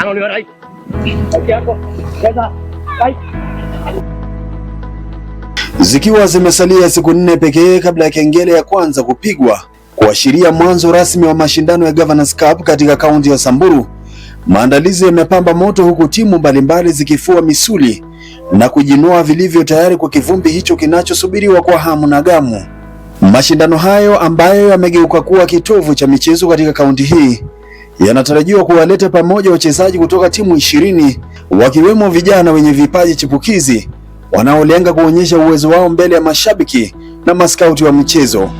Đây. Zikiwa zimesalia siku nne pekee kabla ya kengele ya kwanza kupigwa kuashiria mwanzo rasmi wa mashindano ya Governors Cup katika kaunti ya Samburu, maandalizi yamepamba moto huku timu mbalimbali zikifua misuli na kujinoa vilivyo tayari kwa kivumbi hicho kinachosubiriwa kwa hamu na gamu. Mashindano hayo ambayo yamegeuka kuwa kitovu cha michezo katika kaunti hii yanatarajiwa kuwaleta pamoja wachezaji kutoka timu ishirini wakiwemo vijana wenye vipaji chipukizi wanaolenga kuonyesha uwezo wao mbele ya mashabiki na maskauti wa michezo.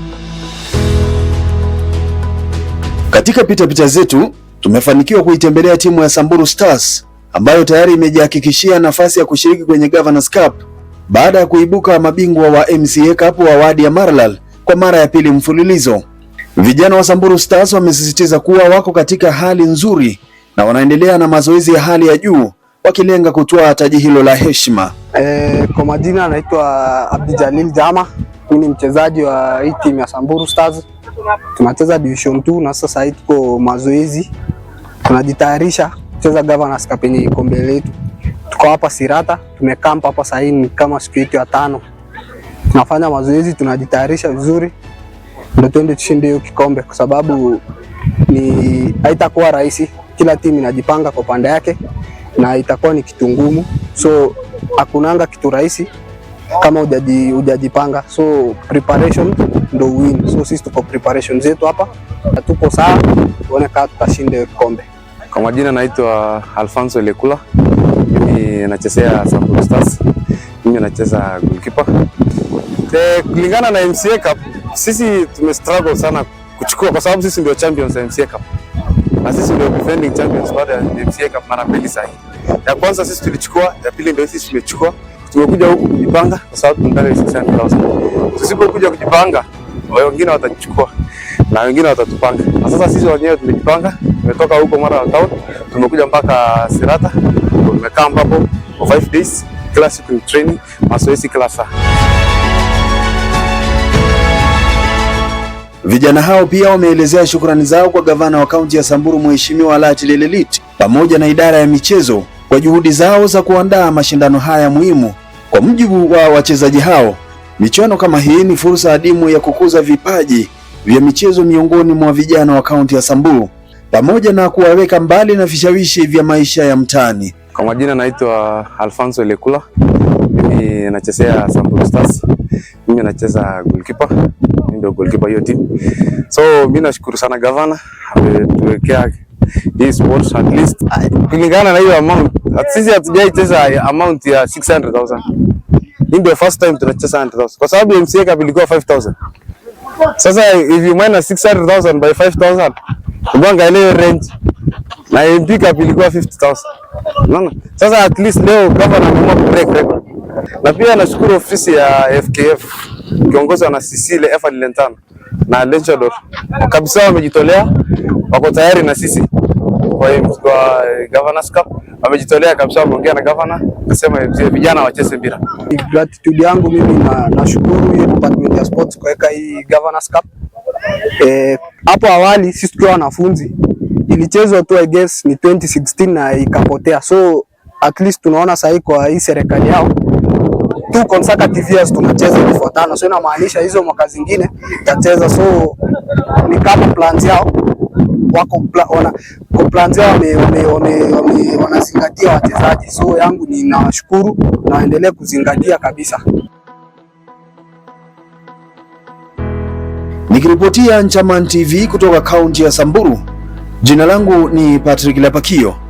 Katika pitapita zetu tumefanikiwa kuitembelea timu ya Samburu Stars ambayo tayari imejihakikishia nafasi ya kushiriki kwenye Governors Cup baada ya kuibuka mabingwa wa MCA Cup wa wadi ya Maralal kwa mara ya pili mfululizo. Vijana wa Samburu Stars wamesisitiza kuwa wako katika hali nzuri na wanaendelea na mazoezi ya hali ya juu wakilenga kutoa taji hilo la heshima. E, kwa majina anaitwa Abdijalil Jama. Mimi ni mchezaji wa hii timu ya Samburu Stars. Tunacheza division 2 na sasa hivi tuko mazoezi, tunajitayarisha kucheza Governors Cup yenye kombe letu. Tuko hapa Sirata, tumekampa hapa saini kama siku yetu ya tano, tunafanya mazoezi, tunajitayarisha vizuri ndio tuende tushinde hiyo kikombe, kwa sababu ni haitakuwa rahisi. Kila timu inajipanga kwa pande yake na itakuwa ni kitu ngumu, so hakunanga kitu rahisi kama ujaji, ujajipanga so preparation ndo win. So sisi tuko preparation zetu hapa na tuko sawa, tuone kama tutashinda kikombe. Kwa majina naitwa Alfonso Lekula, mimi nachezea Samburu Stars, mimi nacheza goalkeeper. Eh, kulingana na MCA Cup sisi tume struggle sana kuchukua kwa sababu sisi ndio champions ya MCA Cup. Na sisi ndio defending champions baada ya MCA Cup mara mbili sasa. Ya kwanza sisi tulichukua, ya pili ndio sisi tumechukua. Tumekuja huku kujipanga kwa sababu tunataka sisi sana 600,000. Tusipokuja kujipanga, wao wengine watachukua na wengine watatupanga. Na sasa sisi wenyewe tumejipanga, tumetoka huko mara ya town, tumekuja mpaka Sirata, tumekaa hapo for 5 days, kila siku ni training, mazoezi kila saa. Vijana hao pia wameelezea shukrani zao kwa gavana wa kaunti ya Samburu Mheshimiwa Alati Lelelit pamoja na idara ya michezo kwa juhudi zao za kuandaa mashindano haya muhimu. Kwa mujibu wa wachezaji hao, michuano kama hii ni fursa adimu ya kukuza vipaji vya michezo miongoni mwa vijana wa kaunti ya Samburu pamoja na kuwaweka mbali na vishawishi vya maisha ya mtaani. Kwa majina naitwa Alfonso Lekula, mimi nachezea Samburu Stars, mimi nacheza goalkeeper ndio goalkeeper hiyo team. So mimi nashukuru sana gavana ametuwekea hii sports at least kulingana na hiyo amount. Sisi hatujai cheza amount ya 600,000. Hii ndio first time tunacheza 100,000 kwa sababu MCA Cup ilikuwa 5,000. Sasa if you minus 600,000 by 5,000 ubanga ile range na MP Cup ilikuwa 50,000. Unaona? Sasa at least leo gavana ameamua break record. Na pia nashukuru ofisi ya FKF ukiongozwa na Sisile Efa Lentano na Lechador kabisa, wamejitolea wako tayari na sisi kwa kwa eh, Governors Cup wamejitolea kabisa, wameongea na governor nasema vijana wacheze mpira. Gratitude yangu mimi na nashukuru hii department ya sports kuweka hii Governors Cup. Eh, hapo awali sisi tukiwa wanafunzi ilichezwa tu I guess ni 2016 na ikapotea, so at least tunaona sahii kwa hii serikali yao two consecutive years tunacheza kufuatana, so inamaanisha hizo mwaka zingine tutacheza. So ni kama plans yao wako wana plans yao wanazingatia wachezaji. So yangu ninawashukuru na waendelee kuzingatia kabisa. Nikiripotia Nchaman TV kutoka kaunti ya Samburu, jina langu ni Patrick Lapakio.